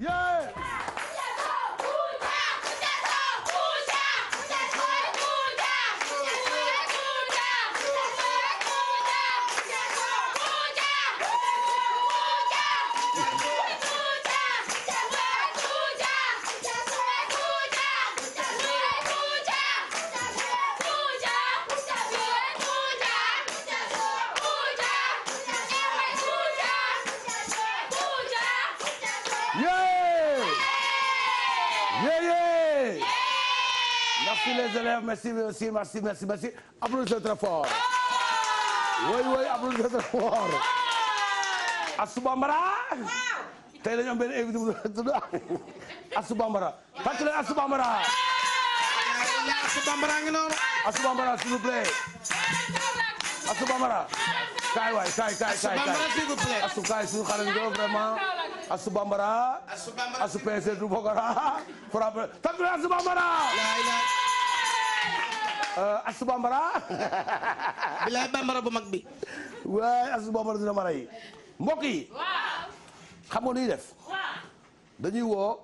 Yeah! merci merci merci merci merci applaudissez très fort ah oui oui applaudissez très fort ah Astou Bambara tey dañu am benn invité bu tudd Astou Bambara fàttali Astou Bambara ah Astou Bambara ngi noonu Astou Bambara s'il vous plaît Astou Bambara kaay waay kaay kaay kaay kaay Astou kaay suñu xarit nga vraiment Astou Bambara Astou PC du Bokora frappe fàttali Astou Bambara Eh, asu bambara bilaay bambara bu mag bi waay asu bambara dina ma mbokk yi xam nga nuy def dañuy woo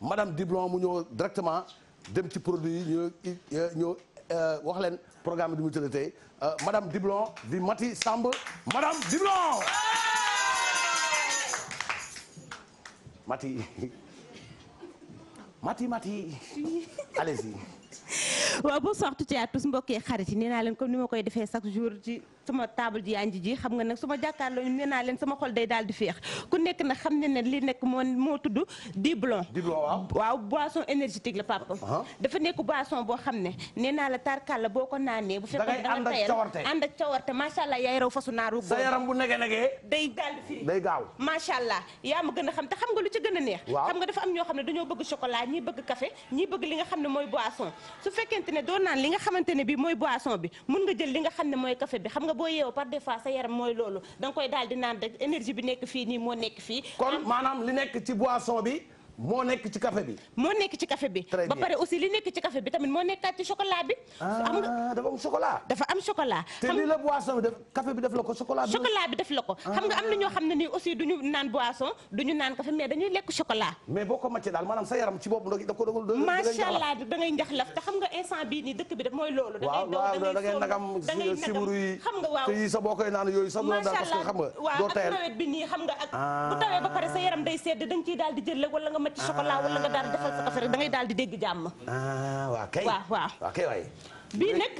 madame Diblon mu ñëw directement dem ci produit yi ñu eh, eh, wax leen programme bi du mu tëdd tey madame Diblon di Mati Samb madame Diblon Mati Mati Mati allez waaw bonsoir tuuti à tous mbokk yi xarit yi nee naa leen comme ni ma koy defee chaque jour ci sama table ji ànd ji xam nga nag ma jàkkaarloo nee naa leen sama xol daal di féex nekk nag xam ne ne li nekk moo moo tudd Diblon. waaw waaw boisson énergétique la papa. Ah. nekk boisson boo xam ne nee naa la tarkalla boo ko naanee. bu fekkoon da nga tayal ànd ak cawarte macha allah yaay raw fasu sa yaram bu nege nege. day daal di day gaaw. macha allah yaa ma gën a xam te xam nga lu ci gën a neex. xam nga dafa am ñoo xam ne dañoo bëgg chocolat ñii bëgg café ñii bëgg li nga xam ne mooy boisson su fekkente ne doo naan li nga xamante ne bi mooy boisson bi mun nga jël li nga xam ne mooy café bi xam nga boo yeewoo par des fois sa yaram mooy loolu da koy daal di naan rek énergie bi nekk fii nii moo nekk fii. kon maanaam li nekk ci boisson bi. moo nekk ci café bi. moo nekk ci café bi. tamit moo nekkaat ci chocolat bi. Ah, am nga dafa am chocolat. dafa am chocolat. bi def ko chocolat bi. chocolat ko. Ah. chocolat. mais boo ko màccee te xam nga instant bii nii dëkk bi def mooy loolu. da nagam siburu yi yi xam nga waaw ak nawet bi nii xam nga ak ah. bu tawee ba pare sa yaram day sedd da nga daal di jël wala nga ma nga daal defal sa café rek da daal di dégg jàmm. ah waaw waaw waaw. waaw nag.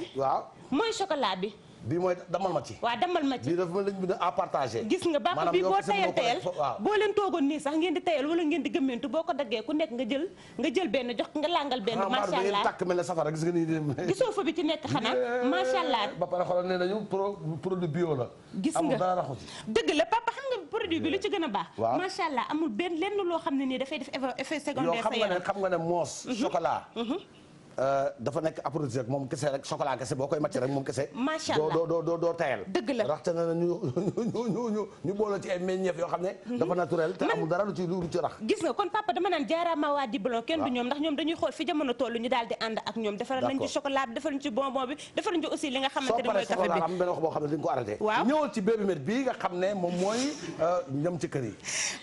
mooy chocolat bi. bii mooy damal ma ci. waaw damal ma ci gis nga baax bi boo tayal tayal boo leen toogoon nii sax ngeen di tayal wala ngeen di gëmmentu boo ko daggee ku nekk nga jël nga jël benn jox nga nga ni gisoo fa bi allah. ba pare xoolal nee nañu pro produit bio la. gis nga dara raxu ci. dëgg la papa xam nga produit bi lu ci gën a baax. waaw macha allah amul benn lenn loo xam ne nii dafay def effet secondaire. sa yaram yoo xam nga ne xam nga ne moos mhm. chocolat mhm. Euh, dafa nekk approche rek moom kese rek chocolat kese boo koy màcc rek moom kese. macha allah doo doo doo doo tayal. dëgg la raxte na ñu ñu ñu ñu ñu boole ci ay meññeef yoo xam ne. Mhm. dafa naturel te amul dara lu ci lu ci rax. gis ñu euh, kër yi.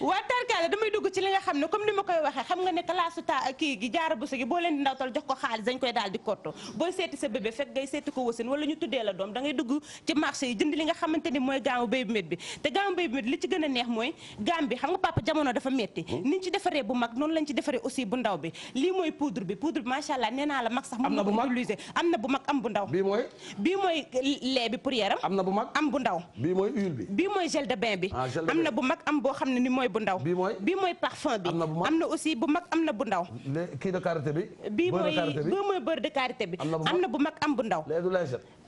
waa tarkaale damay dugg ci li nga xam ne comme ni ma koy waxee xam nga ne kalaasu kii gi jaara bu sa gi boo leen di ndawtal jox ko xaalis dañ koy daal di kottu booy seeti sa bébé fekk ngay seeti ko wasin wala ñu tuddee la doom dangay ngay dugg ci marché yi jënd li nga xamante ni mooy gaamu baby mét bi te gaamu baby mét a neex mooy gaam dafa metti hmm? niñ ci defaree bu mag noonu lañ ci defaree aussi bu ndaw bi lii mooy poudre bi poudre bi macha allah nee naa la mag sax mën na ko utiliser am bu mag am bu ndaw bii mooy mooy lait pour yaram am na bu mag am bu ndaw mooy bii mooy gel de bain bi ah, am na bu mag am boo xam ne ni mooy bu ndaw bii mooy bii mooy parfum bi am na aussi bu mag am na bu ndaw kii de karité bi bii mooy ba mooy beurre de bi am na bu mag am bu ndaw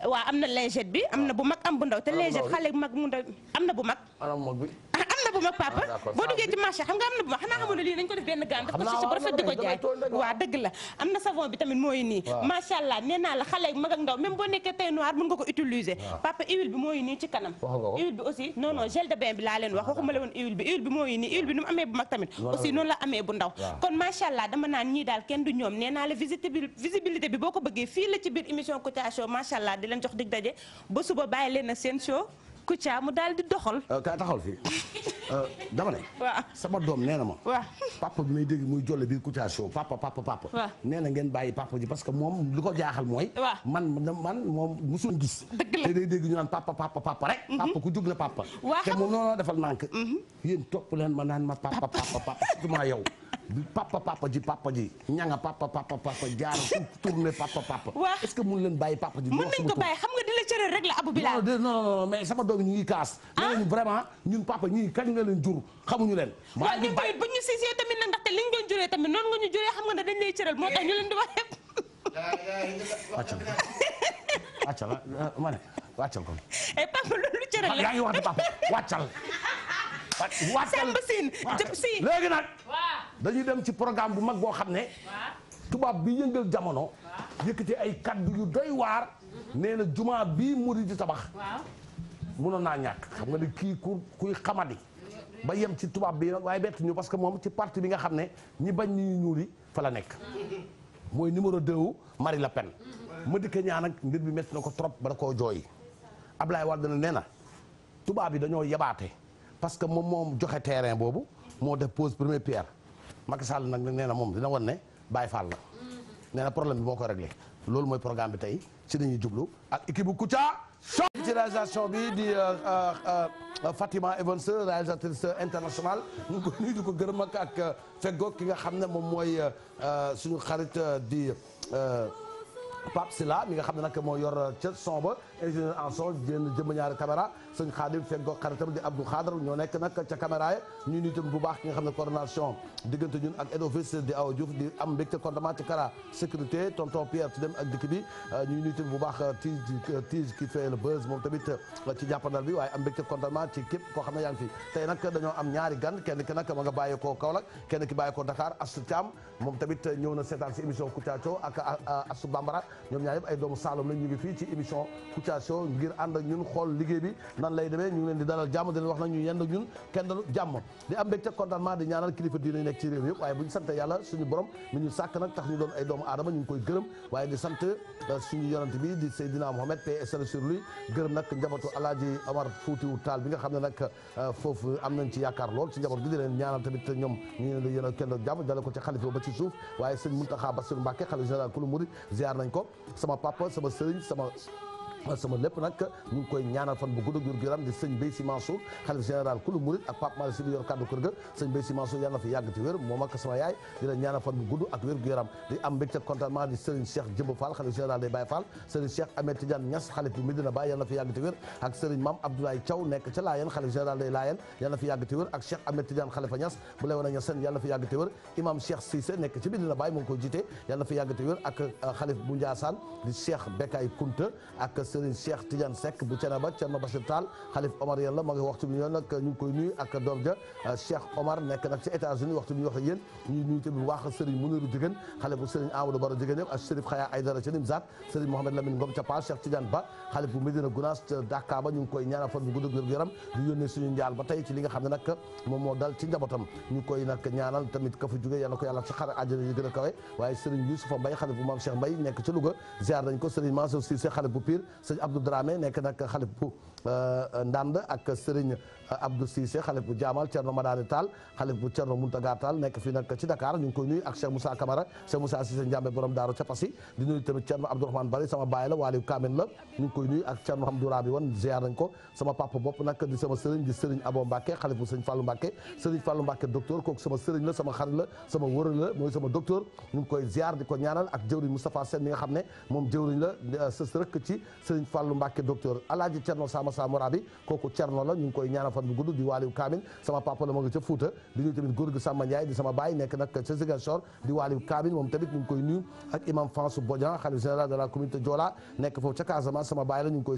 waaw am na lingette bi am na bu mag am bu ndaw ta te lingette xale mag mu ndaw am na bu mag ah, bu mag papa boo duggee ci marché xam nga am na bu mag xanaa xamul lii nañ ko def benn gaan def ko ci ba rafet di ko jaay waaw dëgg la am na savon bi tamit mooy nii macha allah nee la xale mag ak ndaw même boo nekkee tey noir mën nga ko utiliser papa huile bi mooy nii ci kanam huile bi aussi non gel de bain bi laa leen wax waxuma la woon huile bi huile bi mooy nii huile bi nu mu amee bu mag tamit aussi noonu la amee bu ndaw kon macha allah ku Kouthia mu daal di doxal. Euh, kaa taxawal fii euh, dama ne. sama doom nee na ma. waaw papa bi may dégg muy jolle bi Kouthia show papa papa papa. waaw nee na ngeen bàyyi papa ji parce que moom li ko jaaxal mooy. waaw man man moom musul gis. la dégg ñu naan papa papa papa rek. Mhm. papa ku jug na papa. waaw te mu noonu defal nank mhm. yéen topp leen ma naan ma papa papa papa surtout yow. papa papa ji papa ji ñanga papa papa papa jaar tourné papa papa. waaw est-ce que mun leen bàyyi papa ji. mën nañ ko bàyyi xam nga di la cëral rek la Abou non non non mais sama doom yi ngi kaas. ah nee vraiment ñun papa ñii kañ nga leen jur xamuñu leen. maa ngi ñu juree tamit nga ñu juree nga ne dañ moo tax ñu leen di wax yëpp. ma ne wàccal ko. eh papa loolu cëral la yaa ngi Samba Sine jëpp si léegi nag dañuy dem ci programme bu mag boo xam ne tubaab bi yëngal jamono yëkkati ay kaddu yu doy waar mhm. nee na jumaa bii murid di tabax mënoon naa ñàkk xam nga ne kii ku kuy xamadi ba yem ci tubaab bi nag waaye bett parce que moom ci parti bi nga xam ne ñi bañ ñi ñuuli fa la nekk mhm. mooy numéro 2 mari Marie Pen mhm. ma dikk ñaan nag mbir bi métti na ko trop ba da koo jooy Ablaye Wade na nee na tubaab bi dañoo yebaate parce que moom moom joxe terrain boobu moo def pose première pierre Macky Sall nag nee na moom dina won ne Baye Fall la nee problème bi moo ko réglé loolu mooy programme bi tey ci dañuy jublu ak équipe bu Kouthia Show ci réalisation bi di euh, euh, euh, Fatima Evans réalisatrice internationale ñu ko nuyu di ko gërëm ak ak feggoo ki nga xam ne moom mooy suñu xarit di Pape Silla mi nga xam ne nag moo yor ca son ba ingénieur en son jénn jëma ñaari caméra sëñ xaadim fekk ko xaritam di Abdou Khadar ñoo nekk nag ca caméra ya ñu ni bu baax ki nga xam ne coordination diggante ñun ak head office di Awa Diouf di am mbégte contentement ci kara sécurité tonton Pierre ci dem ak dikk bi euh, ñu ni itam bu baax euh, tige euh, buzz moom tamit ci jàppandal bi waaye am mbégte contentement ci képp koo xam ne yaa ngi fi tey nag dañoo am ñaari kenn ki nag ma nga bàyyi ko Kaolack kenn ki bàyyi ko Dakar Astou Thiam moom tamit ñëw na seetaan si émission Kouthia Show ak Astou Bambara ñoom ñaar ay doomu Saloum la ñu ngi fii ci émission communication ngir ànd ak ñun xool liggéey bi nan lay demee ñu ngi leen di dalal jàmm di leen wax na ñu yenn ak ñun kenn dalu jàmm di am mbégte contentement di ñaanal kilifa diine nekk ci réew mi yëpp waaye bu ñu sant yàlla suñu borom mi ñu sàkk nag tax ñu doon ay doomu aadama ñu ngi koy gërëm waaye di sant euh, suñu yonent bi di Seydina Mohamed paix et salut sur lui gërëm nag njabootu Alaaji Omar Fuutiyu Taal bi nga xam ne nag euh, foofu am nañ ci yaakaar lool ci njaboot gi di leen ñaanal tamit ñoom ñu leen di yéen kenn doon jàmm dale ko ci xalifa ba ci suuf waaye sëñ Muntaxa Basiru Mbàkke xalifa général kulu murid ziar nañ ko sama papa sama sëriñ sama sama lépp nag ñu ngi koy ñaanal fan bu gudd ak wér gu yaram di sëñ Bay Si Mansour xalif général kulu murit ak Pape Malick Si bi yor kàddu kër ga sëñ Bay Si Mansour yàlla na fi yàgg ci wér moom ak sama yaay di la ñaanal fan bu gudd ak wér gu yaram di am mbégte contentement di Serigne Cheikh Jëmb Fall xalif général des Baye Fall Serigne Cheikh Ahmed Tidiane Niass xalif bi Medina Baye yàlla na fi yàgg ci wér ak Serigne Mame Abdoulaye Thiaw nekk ca Laayeen xalif général des Laayeen yàlla na fi yàgg ci wér ak Cheikh Ahmed Tidiane xalifa Niass bu lay wan a Niassène yàlla na fi yàgg ci wér imam Cheikh Cissé nekk ci Medina Baye moo ngi koy jiite yàlla na fi yàgg ci wér ak euh, xalif bu Ndiassane di Cheikh Bekay Kunta ak Serigne Cheikh Tidiane Seck bu Thiénaba Thierno Bachir Tall xalif Omar yàlla ma ngi waxtu bi ñoon nag ñu ngi koy nuyu ak doom ja euh, Cheikh Omar nekk nag ci États-Unis waxtu bi ñu wax ak yéen ñuy nuyu tamit bu baax Serigne Mouniru Diegane xalif bu Serigne Amadou Baro Diegane ak Chérif Khaya Aïdara ca Nimzat Serigne Mohamed Lamine Ngom ca Paas Cheikh Tidiane Ba xalif bu Medina Gounass ca Dakar ba ñu ngi koy ñaanal fan bu gudd ak yaram di yónnee suñu njaal ba tey ci li nga xam ne nag moom moo dal ci njabootam ñu koy nag ñaanal tamit ka fa jóge yàlla ko yàlla ci xar àjjana yi gën a kawe waaye Serigne Youssoufa Mbaye xalif bu Mame Cheikh Mbaye nekk ca Louga ziar nañ ko Serigne Mansour Cissé xalif bu Pire sëñ Abdou Dramé nekk nag xalif bu euh, Ndande ak sëriñ Abdou Cissé xalif bu jaamal Thierno Madani Tall xalif bu Thierno Mountaga Tall nekk fii nag ci Dakar ñu ngi koy nuyu ak Cheikh Moussa Camara Cheikh Moussa Cissé Ndiambe borom daaru capasi di nuyu tamit Thierno Abdourahmane Bari sama baay la waaliyu kaamen la wan ziar nañ ko sama papa bopp ko ñaanal ak jëwriñ Moustapha Sène mi nga xam moom jëwriñ la euh, sës rëkk ci sëriñ Fallou Mbacke docteur alaaji Thierno Sama Samora bi kooku Thierno koy ñaanal fan bu gudd di waaliw kaamil sama papa la ma nga ca Fuuta di nuyu tamit góor gi Samba Ndiaye di sama baay nekk nag ca Ziguinchor di waaliw kaamil moom tamit ñu koy nuyu ak imam François Bodian xalif général de la nekk foofu ca Casamance sama baay la ñu ko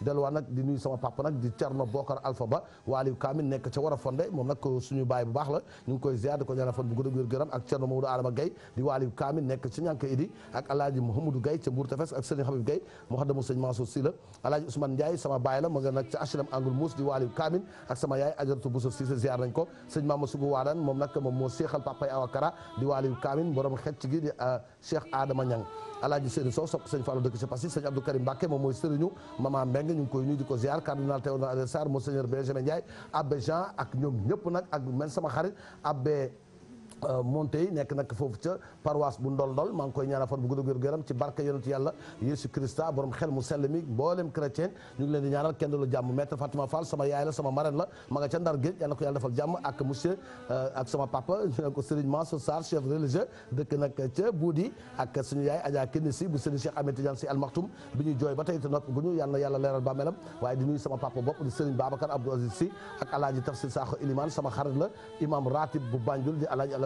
delluwaat sama papa nag di Thierno Bokar Alpha Ba waaliw nekk ca Warafondé moom nag suñu baay bu baax la ñu ngi koy ziar di ko ñaanal fan bu gudd ak wér gëram ak Thierno Mamadou Adama Gaye di waaliw kaamil nekk ca Ñanka Idi sama baay la ma nga nag ci di waaliw Kamin ak sama yaay ajaratu Bousso Cissé ziar nañ ko sëñ Mamadou Sougou Waadane moom nag moom moo seexal papay Awa Kara di waaliw Kamin borom xecc gi di euh, Cheikh Adama Niang alaaji Seydou Sow sopp sëñ Fallou dëkk ci Passy sëñ Abdou Karim Mbacke moom mooy sëriñu Mama Mbeng ñu koy nuyu di ko ziar cardinal Théodore Adrien Sarr monseigneur Benjamin Ndiaye abbé Jean ak ñoom ñëpp nag ak man sama xarit abbé Euh, monté yi nekk nag foofu ca paroisse bu ndol-ndol maa ngi koy ñaanal fan bu gudd wér gëram ci barke yonentu yàlla Yesu Christa borom xel mu sell mi mboolem chrétien leen di ñaanal kenn lu jàmm Fatima Fall sama yaay la sama marraine la ma nga ca Ndar géej yàlla na ko ak monsieur euh, ak sama papa ñu ne ko Serigne Mansour ca Buudi ak suñu yaay Adja si bu Serigne Cheikh Ahmed Tidiane si almaxtum bi ñuy jooy ba tey te noppi bu ñu yàlla na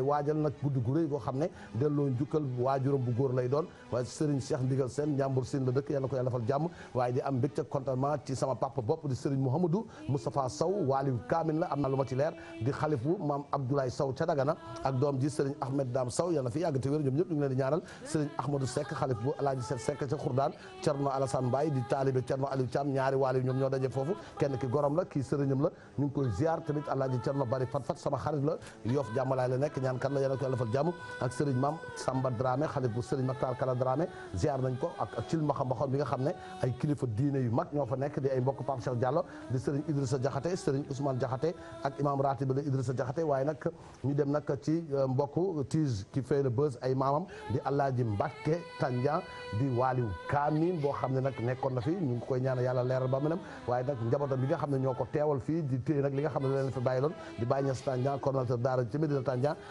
koy waajal nag guddi gu rëy goo xam ne delloo njukkal waajuram la na lu ma ñaan kan la yàlla ko yàlla defal jàmm ak sëriñ maam Samba Dramé xalif bu sëriñ Makhtar Kala Dramé ziar nañ ko ak cil maxam baxoon bi nga xam ne ay kilifa diine yu mag ñoo fa nekk di ay mbokk Pape Cheikh Diallo di sëriñ Idrissa Diakhaté sëriñ Ousmane Diakhaté ak imam ratib la Idrissa Diakhaté waaye nag ñu dem nag ci euh, mbokk tige ki fait le buzz ay maamam di Alaaji Mbàkke Tandian di waaliw kaamin boo xam ne nag nekkoon na fi ñu ngi koy ñaan yàlla leeral ba menam waaye nag njabootam bi nga xam ne ñoo ko teewal fii di téye nag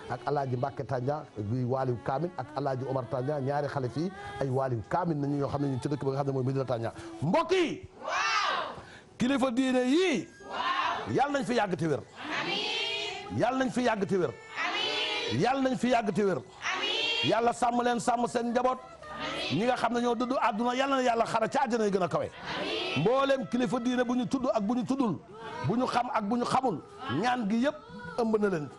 ak alaaji Mbacke Tandia bi waaliw kaamil ak alaaji Omar Tandia ñaari xale fii ay waaliw kaamil nañu yoo xam ne ñun ci dëkk ba nga xam ne mooy Medina Tandia yi waaw kilifa yàlla nañ fi yàgg te wér amiin yàlla nañ fi yàgg te wér amiin yàlla nañ fi yàgg te wér amiin yàlla sàmm leen sàmm seen njaboot ñi nga xam ne ñoo dëddu àdduna yàlla yàlla xara ca àjjana gën a kawe mbooleem kilifa diine bu ñu tudd ak bu ñu tuddul bu xam ak bu ñu xamul ñaan gi yëpp ëmb na leen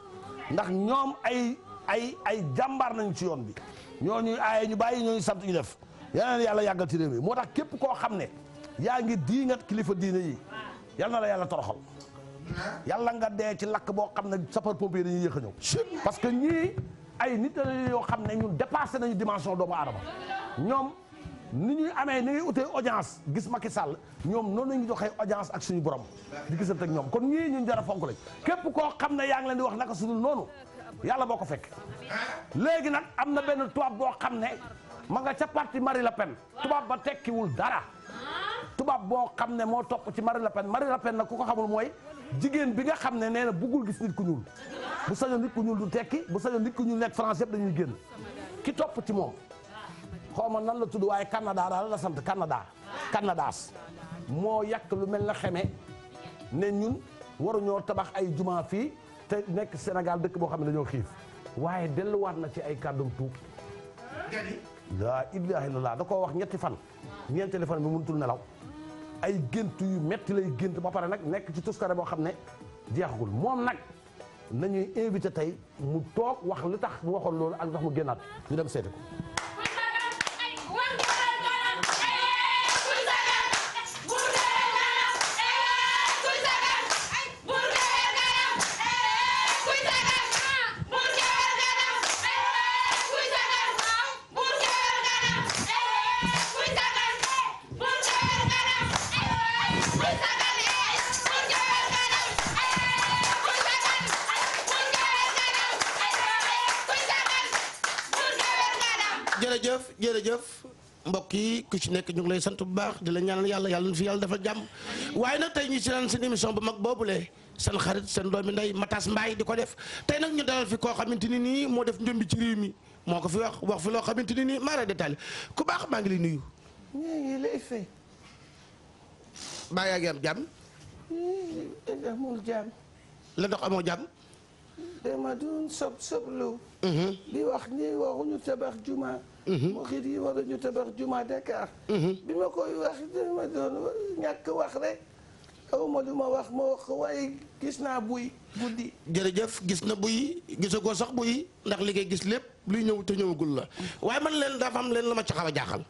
ndax ñoom ay ay ay jàmbaar nañ ci yoon bi ñoo ñuy aaye ñu bàyyi ñoo ñu sant ñu def yeneen yàlla yàggal ci réew mi moo tax képp koo xam ne yaa ngi diingat kilifa diine yi yal na la yàlla toroxal yàlla nga dee ci lakk boo xam ne sapeur pompier dañuy yéex a ñëw parce que ñii ay nit yoo xam ne ñu dépassé nañu dimension doomu aadama ñoom ni ñuy amee ni ñuy utee audience gis Macky Sall ñoom noonu la ñuy doxee audience ak suñu borom di gisante ak ñoom kon ñii ñu dara fonk lañ képp koo xam ne yaa ngi leen di wax naka sudul noonu yàlla boo ko fekk léegi nag am na benn tubaab boo xam ne ma nga ca parti Marie Le tubaab ba tekkiwul dara tubaab boo xam ne moo topp ci Marie Le Pen Marie Le Pen nag ku ko xamul mooy jigéen bi nga xam ne nee buggul gis nit ku ñuul bu sañoon nit ku ñuul du tekki bu sañoon nit ku ñuul nekk France yëpp dañuy génn ki topp ci moom xaw ma nan la tudd waaye Canada daal la sant Canada Canadaas moo yàq lu mel na xeme ne ñun waruñoo tabax ay jumaa fii te nekk Sénégal dëkk boo xam ne dañoo xiif waaye dellu delluwaat na ci ay kàddum tuub laa ilaaha illallaah da koo wax ñetti fan ñeenteeli fan bi mënutul nelaw ay gént yu metti lay gént ba pare nag nekk ci tuskare boo xam ne jeexagul moom nag nañuy invité tey mu toog wax li tax mu waxoon loolu ak ndax mu génnaat ñu dem seeti ko ku ci nekk ñu lay sant bu baax di la ñaanal yàlla yàlla na fi yàlla dafa jàmm waaye nag tey ñu ci naan seen émission bu mag boobule seen xarit seen doomi ndey Matas Mbaye di ko def tey nag ñu dalal fi koo xamante ni nii moo def njombi ci réew mi moo ko fi wax wax fi loo xamante ni nii mara détaillé ku baax maa ngi lay nuyu. ñu lay fay. am jàmm. la ndox amoo jàmm. dama doon sob soblu di mhm. wax nii waruñu tabax juma mhm. muxit yi waruñu tabax juma Dakar mhm. bi ma koy wax dama ñàkk wax rek aw ma lu ma wax ma wax waaye gis naa buy guddi jërëjëf gis na buy gisagoo sax buy ndax li ngay gis lépp luy ñëw te ñëwagul la mm. waaye man leen dafa am leen la ma ci xaw a jaaxal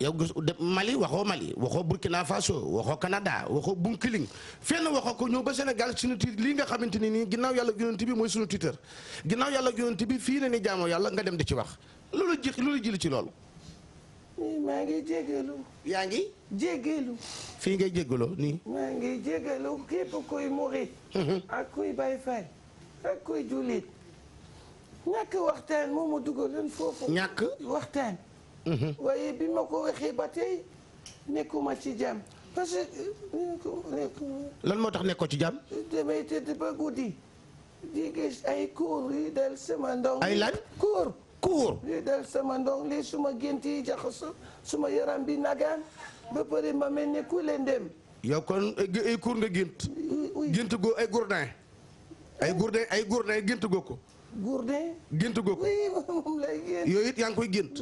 yow gis Mali waxoo Mali waxoo Burkina Faso waxoo Canada waxoo Bunkiling fenn waxoo ko ñëw ba Sénégal suñu tiit lii nga xamante ni nii ginnaaw yàlla yonent bi mooy suñu tiitar ginnaaw yàlla yonent bi fii na ni jaamoo yàlla nga dem di ci wax loolu ji loolu jëli ci loolu. maa ngi jégalu. yaa ngi. jégalu. fii ngay jégaloo nii. maa ngi jégalu képp kuy murit. Mhm. ak kuy Baay Faal ak kuy jullit. ñàkk waxtaan moomu dugaloon foofu. ñàkk waxtaan. Mm-hmm. waaye bi ma ko waxee ba tey nekkuma ci jàmm parce que. lan moo tax nekkoo ci jàmm. damay tëdd ba guddi di gis ay kuur yu dal sama ndong. ay lan kuur kuur. yu dal sama ndong li suma gént yi su ma yaram bi nagaan ba pare ma mel ni dem. yow kon ay eh, eh, kuur nga gént. gént goo ay gourdin. ay gourdin ay gourdin gént goo ko. gourdin. gént goo ko. it yaa ngi koy gént.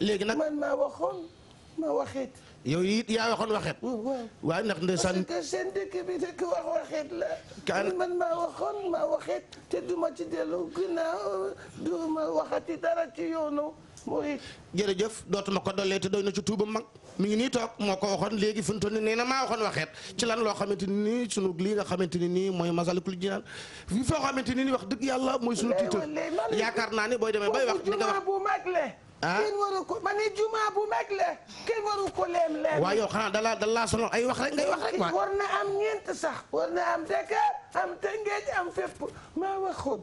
léegi nag man maa waxoon ma waxeet. yow it yaa waxoon waxeet. waaw waaw ndax ndeysaan. parce que seen dëkk bi dëkk wax waxeet la. kaan man maa waxoon maa waxeet te du ma ci dellu ginnaaw du ma waxati dara ci yoonu. mooy jërëjëf dootuma ko dollee te doy na ci tuubam mag mi ngi nii toog moo ko waxoon léegi fi mu toll na maa waxoon waxeet ci lan loo xamante ni nii sunu lii nga xamante ni nii mooy Masalikul Jinaan fi foo xamante ni nii wax dëgg yàlla mooy sunu tiital yaakaar naa ne booy demee bay wax di nga wax le ah kenn waru ko ma ne juma bu mag la kenn waru ko leem leem. waaw yow xanaa dala dala sonal ay wax rek ngay wax rek. war na am ñeent sax. war na am Dakar am Tëngéej am fépp maa waxoon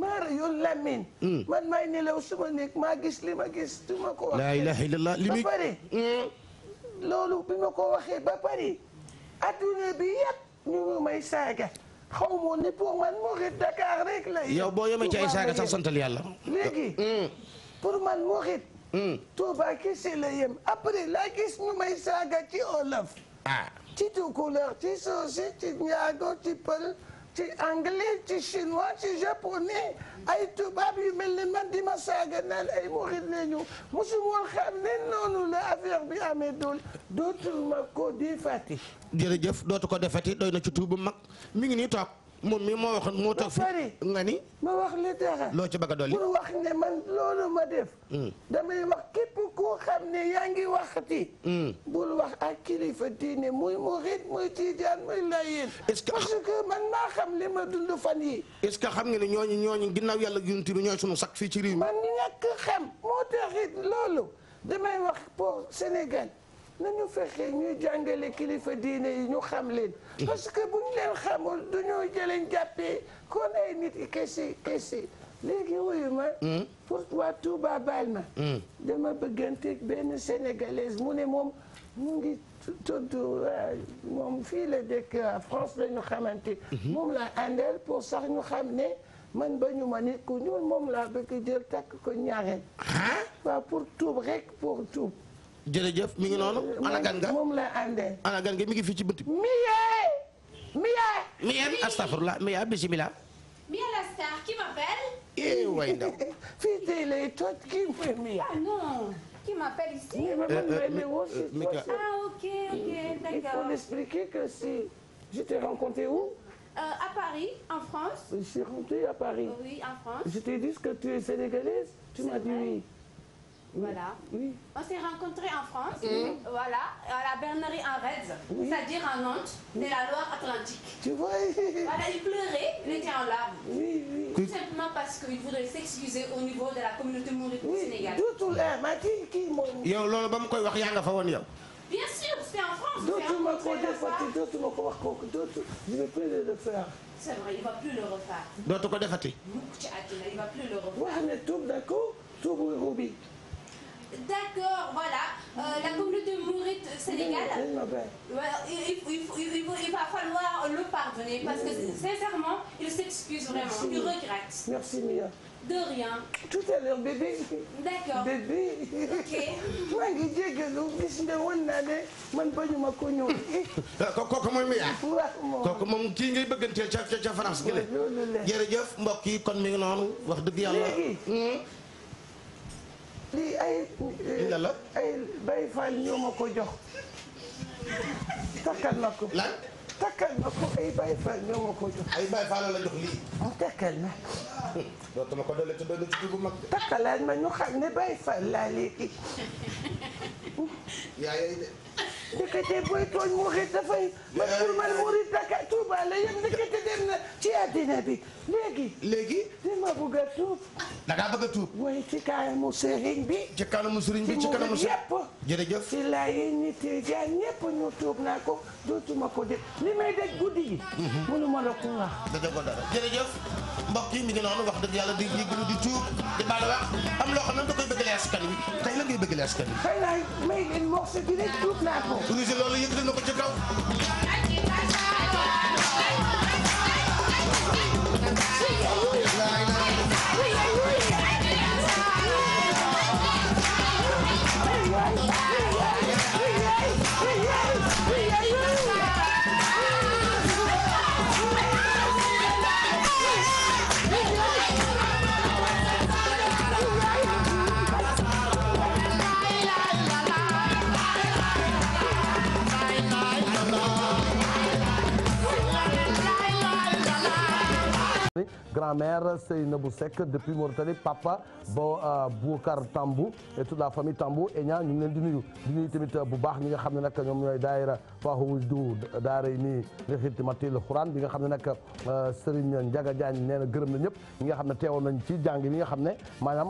maa rayoon Lamine. Hmm. man may nelaw suma nekk maa gis li ma gis du ma ko wax. la ilaha illallah li muy ba pare. Hmm. loolu bi ma ko waxee ba pare. adduna bi yëpp ñu ngi may saaga. xaw ma ne pour man mu ngi Dakar rek la. yow boo yemee ci ay saaga sax santal yàlla. léegi. Hmm. pour man muxit hmm. Touba kese la yem après laa gis ñu may saaga ci olof ah ci tukulóor ci soose ci njaago ci pël ci anglais ci chinois ci japonais ay tubaab yu mel ne man di ma saaga naan ay muxit lañu musu woon xam ne noonu la affaire bi amee dool dootul ma ko defati jërëjëf dootu ko defati na ci tuubu mag mi ngi nii toog moom mi moo waxoon moo toog fi nga ni ma wax li dara loo ci bëgg a dolli pour wax ne man loolu ma def hmm. damay wax képp koo xam ne yaa ngi waxati hmm. bul wax ak kilifa diine muy murit muy tiijaan muy layeen est-ce parce que man maa xam li ma dund fan yi est-ce que xam nga ne ñooñu ñooñu ginnaaw yàlla gi yunti bi ñooy sunu sakk fii ci réew mi man ñàkk xam moo taxit loolu damay wax pour Sénégal nañu fexe ñuy jàngale kilifa diine yi ñu xam leen. parce que bu ñu leen xamul du ñu jëlee jàppee kon ay nit kese kese léegi wuyu ma. Hmm? pour waa Touba baal ma. Hmm? dama bëgganteeg benn sénégalaise mu ne moom mu ngi tudd euh, moom fii la dëkk euh, France la ñu xamante. Hmm? moom la àndal pour sax ñu xam ne. man ba ñu ma nit ku ñuul moom laa bëgg jël takk ko ñaareel. waaw pour tuub rek pour tuub. jërëjëf mi ngi noonu ana gan nga moom la àndee ana gan nga mi ngi fii ci bëtt bi miyee miyee miyee astafurlah miyee bismillah miyee la star qui m'appelle eh way ndaw fii tey lay toj kii mooy miyee ah non qui m'appelle ici eh, eh, eh, ah ok ok d'accord il faut l'expliquer que si je t'ai rencontré où Euh, à Paris, en France. Je suis rentrée à Paris. Oui, en France. Je t'ai dit que tu es sénégalaise, tu m'as dit oui. Voilà. Oui. On c'est-à-dire en Nantes, de la Loire-Atlantique. Tu vois Voilà, il pleurait, il en larmes. Oui, oui. Tout simplement parce qu'il voudrait s'excuser au niveau de la communauté mouride du Sénégal. Dootul ma kii kii moom. yow loolu ba mu c'est en France. dootuma ko defati dootuma ko wax kooku dootu. le refaire. c'est vrai il va plus le refaire. dootu ko defati. mukk le refaire. wax D'accord, voilà. Euh, la communauté mourite euh, sénégale, il, il, il, il, va falloir le pardonner parce que sincèrement, il s'excuse vraiment, Merci. regrette. De rien. Tout à l'heure, bébé. D'accord. Bébé. Ok. maa ngi jégalu ne man ma ko ñëw. kooku mooy Mia. waaw moom kooku moom kii ngay bëgganteel ca ca France. loolu la jërëjëf mbokk yi kon mi ngi noonu wax dëgg yàlla. lii ay ay bay faal ñoo ma ko jox takkal ma ko lan takkal ma ko ay bay faal ñoo ma ko jox ay bay faal la jox lii ah, takkal ma dootuma ko doole te doole ci bu xam ne bay faal laa ndekete booy tooñ murit dafay man pour man murit Dakar Touba la yem ndekete dem na ci àddina bi léegi léegi dama bëgg a tuub da ngaa bëgg a tuub waaye ci kanamu sëriñ bi ci kanamu sëriñ bi ci kanamu sëriñ yëpp jërëjëf ci laa yi nit yi jaan ñëpp ñu tuub naa ko dootuma ko def li may daj guddi gi mënu ma la ko wax dëgg ko dara jërëjëf mbokk yi mi ngi noonu wax dëgg yàlla di di tuub di baal wax am loo xam ne da koy bëgg askan wi ngay bëgg askan wi. fay laay may leen morceau bi rek tuut naa ko. Tunisie loolu yëkkati na ko ci kaw. grand-mère Seynabou Seck depuis Mauritanie papa ba Boukar Tambou et toute la famille Tambou eña ñu ngi leen di nuyu di bu baax ñi nga xam ne nag ñoom ñooy daayira faxuwul du daara yi nii li xitmatil xuraan bi nga xam ne nag Serigne Ndiaga Diagne nee na gërëm na ñëpp nga xam ne teewoon nañ ci jàng yi nga xam ne maanaam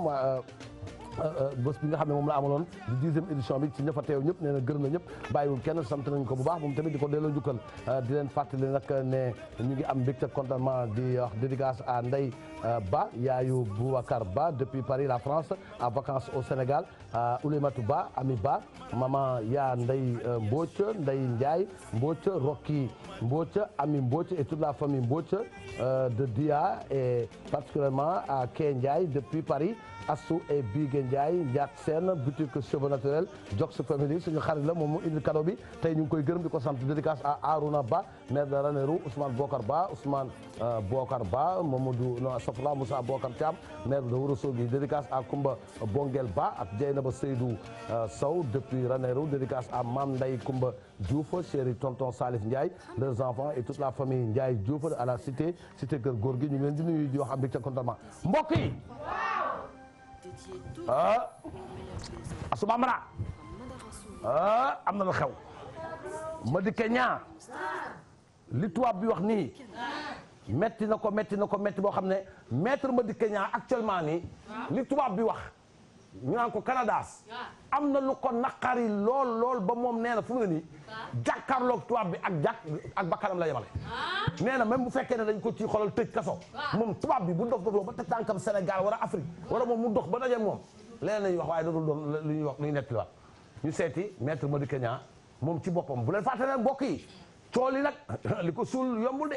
Euh, bés bi nga xam ne moom la amaloon di dixième édition bi ci ñëfa teew ñëpp nee na gërëm na ñëpp bàyyiwul kenn sant nañ ko bu baax moom tamit di ko delloo njukkal euh, di leen fàttali nag ne ñu ngi am mbégte contentement di wax dédicace à Ndeye euh, Ba yaayu Boubacar Ba depuis Paris la France en vacances au Sénégal Oulimatou Ba Ami Ba maman yaa Ndeye Mbodj Ndeye Ndiaye Mbodj Rocky Mbodj Ami Mbodj et toute la famille Mbodj de Dia et particulièrement à Kee Ndiaye depuis Paris Astou et Bigué Ndiaye Ndiak Sène boutique cheveux naturel Jox Family suñu xarit la moom mu indi cadeau bi tey ñu ngi koy gërëm di ko sant dédicace à Arouna Ba maire de Ranérou Bokar Ba Ousmane euh, Bokar Ba Mamadou non Safla Moussa Bokar Thiam maire de Ourossogui dédicace à Koumba Bongel Ba ak Dieynaba Seydou euh, Sow depuis Ranérou dédicace à maam Ndeye Koumba Diouf chéri tonton Salif Ndiaye leurs enfants et toute la famille Ndiaye Diouf a la cité cité Kër Gorgui ñu ngi leen di nuyu di wax Ah, asuma mara ah, am na la xew ma di keña li tubaab bi wax nii metti na ko metti na ko metti boo xam ne maître ma di keña actuellement nii li tubaab bi wax ñu naan ko Canadaas am na lu ko naqari lool lool ba moom nee na fu mu ne nii jàkkaarloog tubaab bi ak jàkk ak bakkanam la yemale ah. nee na même bu fekkee ne dañ ko ci xolal tëj kaso ah. moom tubaab bi bu dox dox ba teg tànkam Sénégal wala Afrique wala moom mu dox ba daje moom leneen lañuy wax waaye dootul doon lu ñuy wax lu ñuy nettaliwaat ñu seeti maître Madické Niang moom ci boppam bu la fàtte ne mbokk yi tool yi nag li ko suul yombul de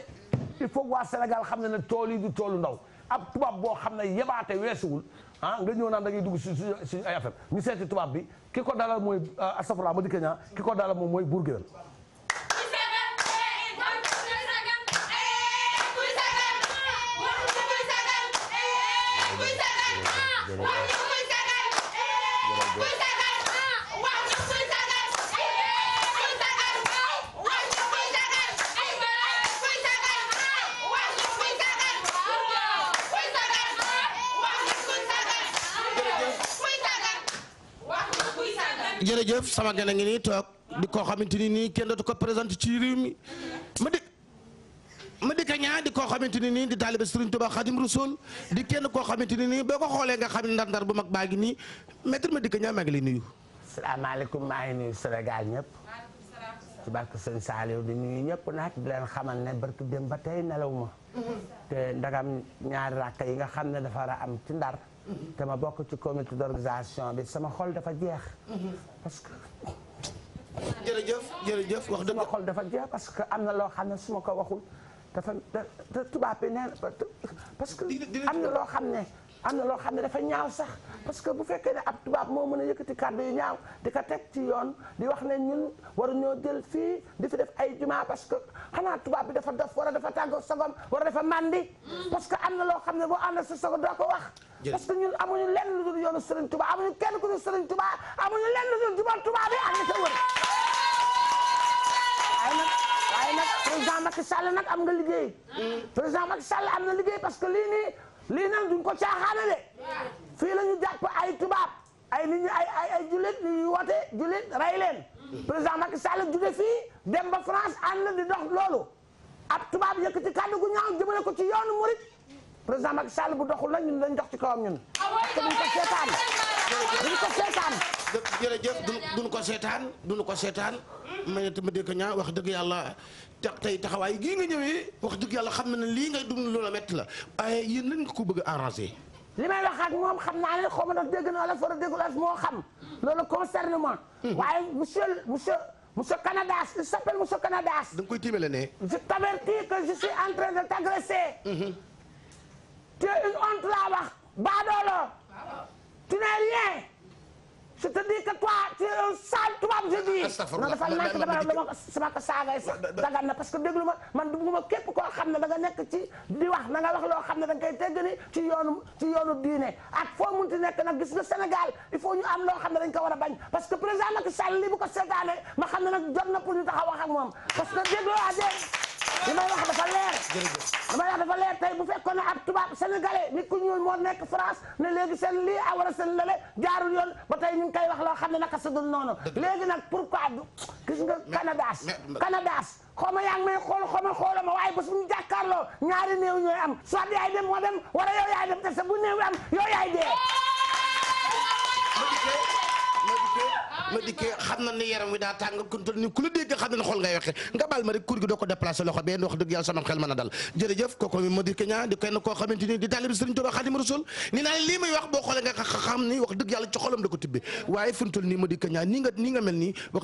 il faut waa senegal xam ne ne tool yi du toolu ndaw ab tubaab boo xam ne yebaate weesuwul ah nga ñëw naan da ngay dugg si si ay affaire ñu seeti tubaab bi ki ko dalal mooy euh, astafurlah ma dikkee ñaa ki ko dalal moom mooy buur géwél sama gën a ngi nii toog di koo xamante ni nii kenn dootu ko présenté ci réew mi ma dikk ma dikk ñaa di koo xamante ni nii di taalibe Serigne Touba Khadim soon di kenn koo xamante ni nii boo ko xoolee nga xam ne ndar-ndar bu mag baa ngi nii maître ma dikk ñaa maa ngi nuyu. asalaamaaleykum maa ngi nuyu Sénégal ñëpp. ci barke sëñ Saliou di nuyu ñëpp nag di leen xamal ne barke dem ba tey nelaw ma. Mm-hmm. te ndagam ñaari rakk yi nga xam ne dafa am ci ndar. te ma bokk ci comité d'organisation bi sama xol dafa jeex. parce que. jërëjëf jërëjëf wax dëgg sama xol dafa jeex parce que am na loo xam ne su ma ko waxul dafa da tubaab bi nee parce que am na loo xam ne. am na loo xam ne dafa ñaaw sax parce que bu fekkee ne ab tubaab moo mën a ti kàddu yu ñaaw di ka teg ci yoon di wax ne ñun waruñoo jël fii di fi def ay juma parce que xanaa tubaab bi dafa dof wala dafa tàggo war a dafa màndi parce que am na loo xam ne boo na soo sago doo ko wax parce que ñun amuñu lenn lu dul yoonu Serigne Touba amuñu kenn ku dul Serigne Touba amuñu lenn lu dul jubal Touba bi ak sa wër waaye nag am nga liggéey mm. président Macky Sall am na liggéey parce que lii nii lii nag duñ ko caaxaane de fii lañu ñu jàpp ay tubaab ay nit ñu ay ay ay jullit ñu ñuy woote jullit rey leen président Macky Sall jóge fii dem ba France ànd di dox loolu ab tubaab yëkkati kàddu gu ñaaw jëmale ko ci yoonu murit président Macky Sall bu doxul nag ñun dañ dox ci kawam ñun parce que duñ ko seetaan duñ ko seetaan jërëjëf duñ ko seetaan duñ ko seetaan may ma dégg ñaa wax dëgg yàlla tax tey taxawaay gii nga ñëwee wax dëgg yàlla xam na ne lii ngay dund loola métti la waaye yéen nan nga ko bëgg a arranger. li may wax ak moom xam naa ne xaw ma dégg na wala foro dégg la moo xam loolu concerne moi. Hmm. waaye monsieur monsieur monsieur Canadas il s'appelle monsieur Canadas. da nga koy tiimale ne. je t'avertis que je en train de t'agresser. Hmm. tu es une honte laa wax. baadoolo. tu n'es rien. je te dis que toi tu es un sale tubaab je dis. non dafa nekk dama la ma sama ko saagay sax dagan parce que déglu ma man dugguma képp koo xam ne da nga nekk ci di wax na nga wax loo xam ne da nga koy tegg ni ci yoonu ci yoonu diine ak foo munti nekk nag gis nga Sénégal il faut ñu am loo xam ne dañ ko war a bañ parce que président Macky Sall li bu ko seetaane ma xam ne nag jot na pour ñu taxaw wax moom parce que dégloo adee li may wax dafa leer. jërëjëf li may wax dafa leer tey bu fekkoon ne ab tubaab sénégalais nit ku ñuul moo nekk France ne léegi seen lii a war a seen lële jaarul yoon ba tey ñu ngi koy wax loo xam ne naka su noonu. léegi nag pourquoi du gis nga Canadaas. Canadaas may xool xaw ma ma waaye bu ñu jàkkaarloo ñaari néew ñooy am soit yaay dem moo dem wala yow yaay dem te sa bu néew am yow yaay dee. nga dikkee xam na ni yaram wi daa tàng kuntul ni ku la dégg xam na ne xool ngay waxe nga baal ma rek kur gi doo ko déplacé loxo benn wax dëgg yàlla sama xel mën a dal jërëjëf kooku ko ma di keña nii nga mel nii wax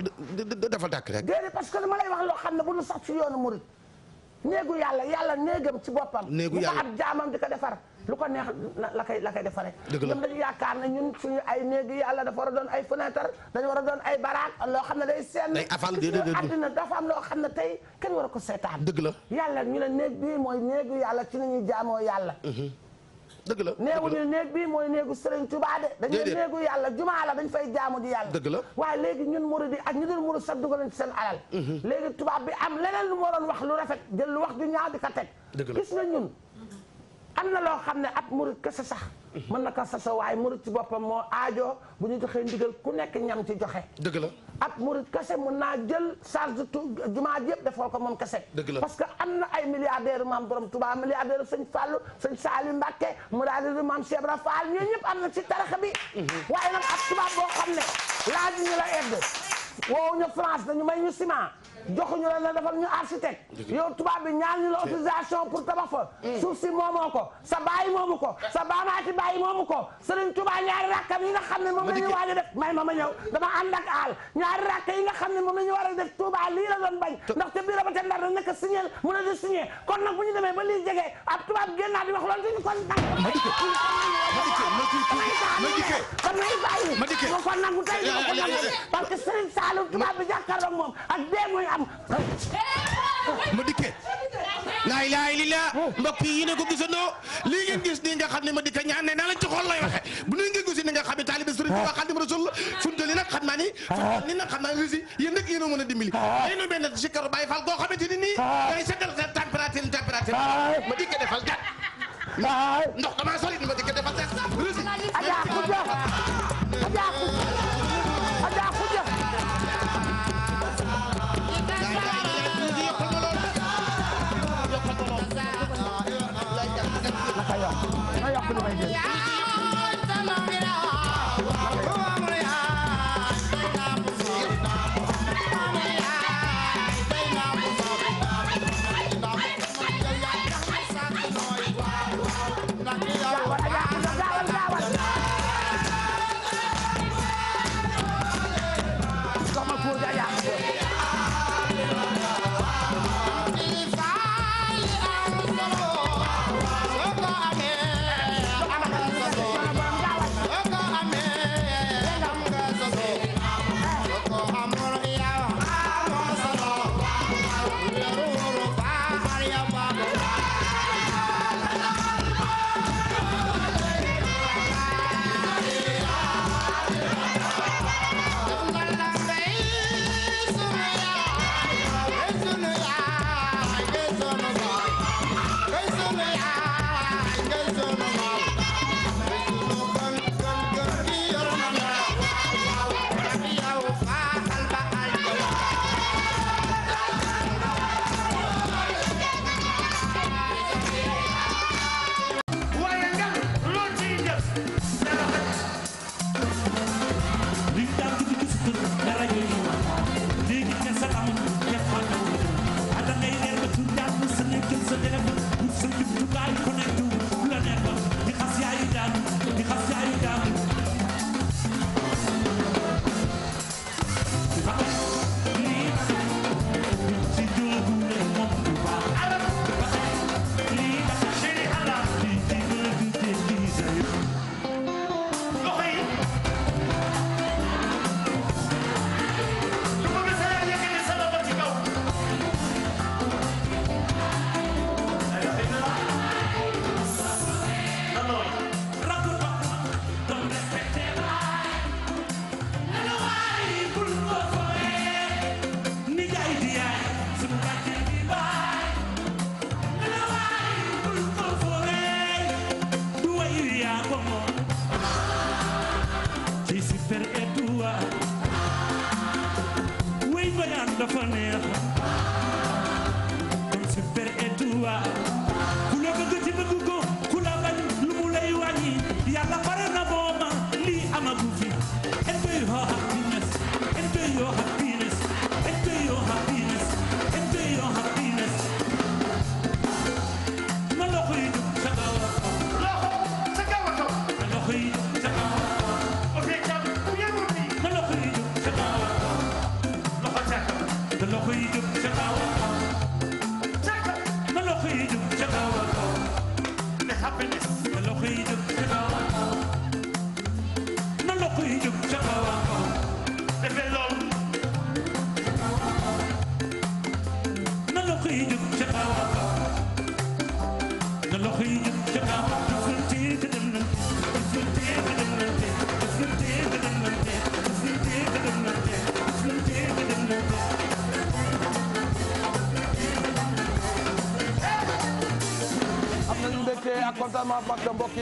dafa tàkk rek lu ko neex la koy la koy defaree ñoom dañu yaakaar na ñun suñu ay néeg yi yàlla dafa war a doon ay fenêtre dañu war a doon ay baraak loo xam ne day seen àddina dafa am loo xam ne tey kenn war a ko seetaan dëgg la yàlla ñu ne néeg bii mooy néegu yàlla ci la ñuy jaamoo yàlla mhm. dëgg la néewuñu néeg bii mooy néegu Sëriñ Tuubaa de dañu néegu yàlla jumaa la dañ fay jaamu ji yàlla dëgg la waaye léegi ñun murid yi ak ñu dul murid sax dugal ci seen alal mhm. léegi tubaab bi am leneen lu waroon wax lu rafet jël lu wax ju ñaaw di ko teg gis nga ñun am na loo xam ne ab murit kese sax mën na ka sa sasoo waay murit ci boppam moo aajo bu ñu joxee ndigal ku nekk ñam ci joxe dëgg la ab murit kese mën naa jël charge tout jumaa yëpp defoo ko moom ke dëgg la parce que am na ay milliardaire maam borom Tuubaa milliardaire sëñ Fallou sëñ Saali Mbàkke mu daal di maam Cheikh Ibra Fall ñooñu ñëpp am na ci tarixa bi mhm. waaye nag ab tubaab boo xam ne laaj ñu la egg woowu ñu France dañu may ñu ciment joxuñu la nga defal ñu architecte yow tubaab bi ñaan ñu la autorisation pour tabax fa mm. suuf si moomoo ko sa bàyyi moomu ko sa baamaati bàyyi moomu ko Serigne Touba ñaari rakkam yi nga xam ne moom ñu waaj a def may ma ma ñëw dama ànd ak aal ñaari rakk yi nga xam ne moom la ñu war a def Touba lii la doon bañ ndax te biir ba te ndar da nekk signé mu ne di signé kon nag bu ñu demee ba lii jege ab tubaab génnaat di wax loolu suñu kon nag kon nay bàyyi ma kon nag mu tey parce que Serigne Saloum am ma dikkee laay laay li la mbokk yi yéen a ko gisandoo lii ngeen gis nii nga xam ne ma dikkee ñaan ne na lañ ci xol lay waxe bu nuy ngeen gis ni nga xam ne taalibe sëriñ Tuubaa Xaadimu Rasuul funtali nag xam naa ni funtali nag xam naa ni rési yéen nag yéen a mën a dimbali yéen a benn sikkaru Baay Faal goo xamante ni nii day seddal sa température température ma dikkee defal dat ndox damaa sori ma dikkee defal dat rési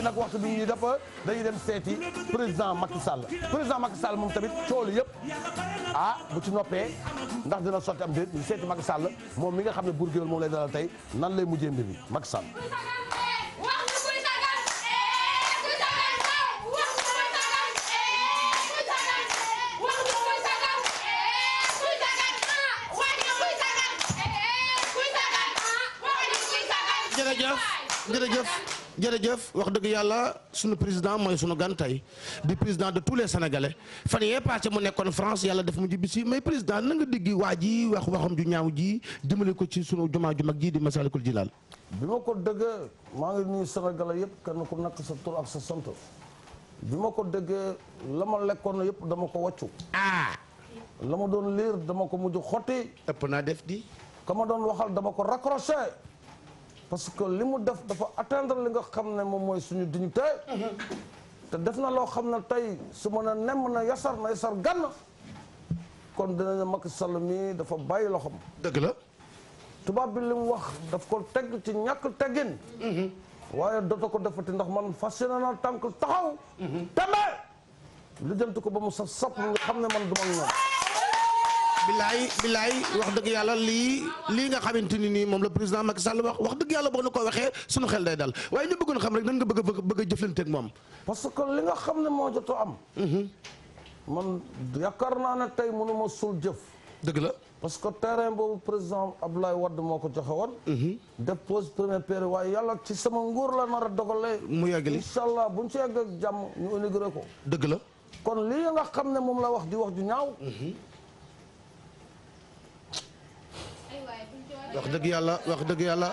nag waxtu bi ñuy dafa dañuy dem seeti président Macky Sall président Macky Sall moom tamit coolu yëpp ah bu ci noppee ndax dina sotti am déet ñu seeti Macky Sall moom mi nga xam ne Bour Gueweul moom lay dalal tey nan lay mujjee mbir mi Macky Sall jërëjëf jërëjëf jërëjëf wax dëgg yàlla sunu président mooy sunu gan di président de tous les sénégalais fan yee passé mu nekkoon France yàlla def mu jibbi si mais président na nga digg waa ji wax waxam ju ñaaw ji jëmale ko ci sunu jumaa ju mag ji di Masaalikul Jinaan bi ma ko dëggee maa ngi nuyu sénégalais yëpp kenn ku nekk sa tur ak sa sant bi ma ko dëggee la ma lekkoon yëpp dama ko wàccu ah la ma doon liir dama ko mujj xotti ëpp naa def di ka ma doon waxal dama parce que li mu def dafa atteindre li nga xam ne moom mooy suñu dignité te def na loo xam ne tey su ma ne nemm na yasar na yasar gann kon dina ne Macky Sall mii dafa bàyyi loxoom. dëgg la. tubaab bi li mu wax daf ko teg ci ñàkk teggin. waaye dootoo ko defati ndax man fas yéene naa tànk taxaw. Mhm. tembe. lijjanti ko ba mu saf saf nga xam ne man du ma ñoom. bilaay bilaay wax dëgg yàlla lii lii nga xamante ni nii moom la président Macky Sall wax wax dëgg yàlla boo na ko waxee suñu xel day dal waaye ñu bëggoon xam rek nga bëgg a bëgg a moom. parce que li nga xam ne moo jotoo am. Mhm. man yaakaar naa ne tey mënu ma suul jëf. dëgg la parce que terrain boobu président Abdoulaye Wade moo ko joxe woon. Mhm. dépose première pierre waaye yàlla ci sama nguur la nar a dogalee. mu yàggale incha allah bu ñu ci yegg ak ko. dëgg la kon lii nga xam ne moom la wax di wax ju ñaaw. Mhm. wax dëgg yàlla wax dëgg yàlla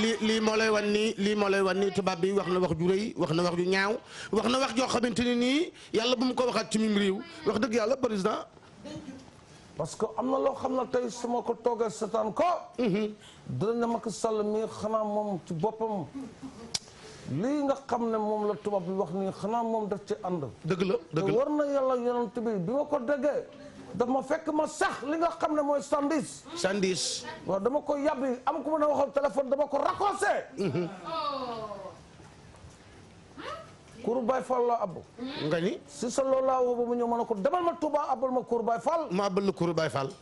lii lii moo lay wan nii lii moo lay wan nii tubaab bi wax na wax ju rëy wax na wax ju ñaaw wax na wax joo xamante ni nii yàlla bu mu ko waxaat ci mim réew wax dëgg yàlla président parce que am na loo xam ne tey su ma ko toogee seetaan ko mhm. dina ne Macky Sall mii xanaa moom ci boppam lii nga xam ne moom la tubaab bi wax nii xanaa moom def ci ànd dëgg la dëgg la war na yàlla yonent bi bi ma ko déggee daf ma fekk ma sax li nga xam ne mooy sandis sandis waaw dama ko yàbbi am ko ma ne waxoon téléphone dama ko raccroché Kour mhm. oh. Baye Fall la abbu nga ni si sa loolu laa mu ñëw ma ne ko demal ma Touba abal ma Kour Baye Fall ma abal la Kour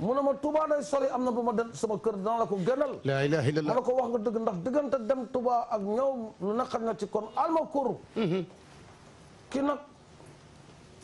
mu ne ma Touba day sori am na bu ma dem sama kër dana ko génnal laa ilaaha illallah ma ne ko wax nga dëgg ndax diggante dem Touba ak ñëw lu naqar na ci kon alma Kour mhm. ki nag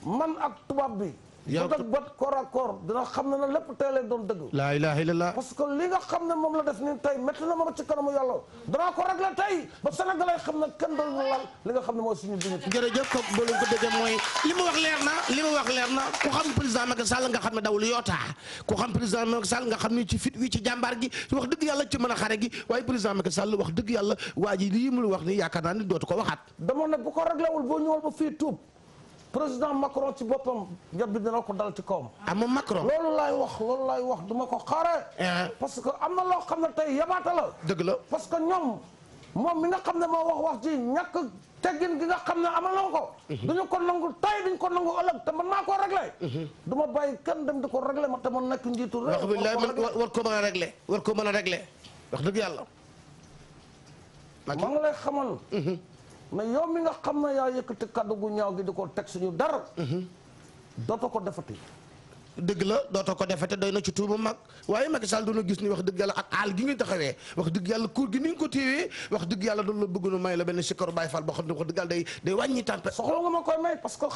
man ak tubaab bi yaa ngi bat corps à corps dina xam ne na lépp tey lay doon dëgg. laa ilaaha illallah. parce que li nga xam ne moom la def nii tey métti na ma ci kanamu yàlla danaa ko réglé tey ba Sénégal ay xam ne kenn doon lal li nga xam ne mooy suñu dignité. jërëjëf ko ba leen ko déggee mooy li mu wax leer na li mu wax leer na ku xam président Macky Sall nga xam ne dawul yootaa ku xam président Macky Sall nga xam ne ci fit wi ci jàmbaar gi wax dëgg yàlla ci mën a xare gi waaye président Macky Sall wax dëgg yàlla waa ji lii mu wax nii yaakaar naa ni dootu ko waxaat. dama ne bu ko réglé wul boo ñëwal ba fii tuub président Macron ci boppam jot bi ko dal ci kawam. ah moom Macron loolu laay wax loolu laay wax duma ko xaaree. Eh. parce que am na loo xam ne tey yabaata la. dëgg la parce que ñoom moom mi nga xam ne moo wax wax ji ñàkk teggin gi nga xam ne amal na ko. Mhm. duñu ko nangu tay duñu ko nangu ëllëg te man maa koo réglé. Mhm. du ma bàyyi kenn dem di ko réglé ma te ma nekk njiitu réew. wax bi laay man war ko mën a a réglé wax dëgg yàlla. lay xamal. Mhm. ne yow mi nga xam na yaa yëkk yëkkati kàddu gu ñaaw gi di ko teg suñu dara. Mm-hmm. dootoo ko defati. dëgg la dootoo ko defete doy na ci tuuba mag waaye Macky Sall doona gis dëgg yàlla ak aal yàlla kuur gi ni nga ko la bëgg nu may la benn sikkaru Baye Fall boo xam ne wax dëgg ma koy may boo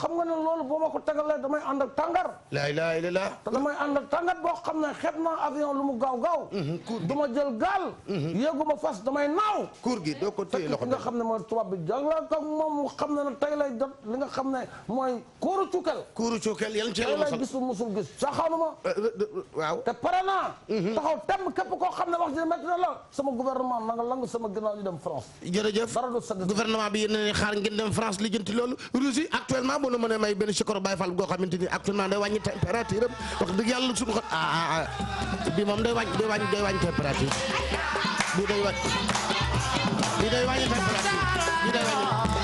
xam ne xeet naa avion lu mu gaaw gaaw mhm, kuur dama jël gaal mhm. yéeguma fas damay naaw kuur gi doo ko téye loxo nga xam ne mooy tubaab bi jànglaa ko moom xam ne ne xam ne mooy kuuru cukkal kuuru musul gis saxaanu ma. Euh, euh, euh, waaw te pare naa. Mhm. taxaw temm képp koo xam ne wax dëgg métti na la sama gouvernement na nga langu sama ginnaaw ñu dem France. jërëjëf gouvernement bi yéen a xaar ngeen dem France lijjanti loolu. Russie actuellement boo mënee may benn sukkur Baye Fall goo xamante ni actuellement day wàññi température am ah, ah, ah. moom day wàññi day wàññi day wàññi température bii day wàññi bii day wàññi température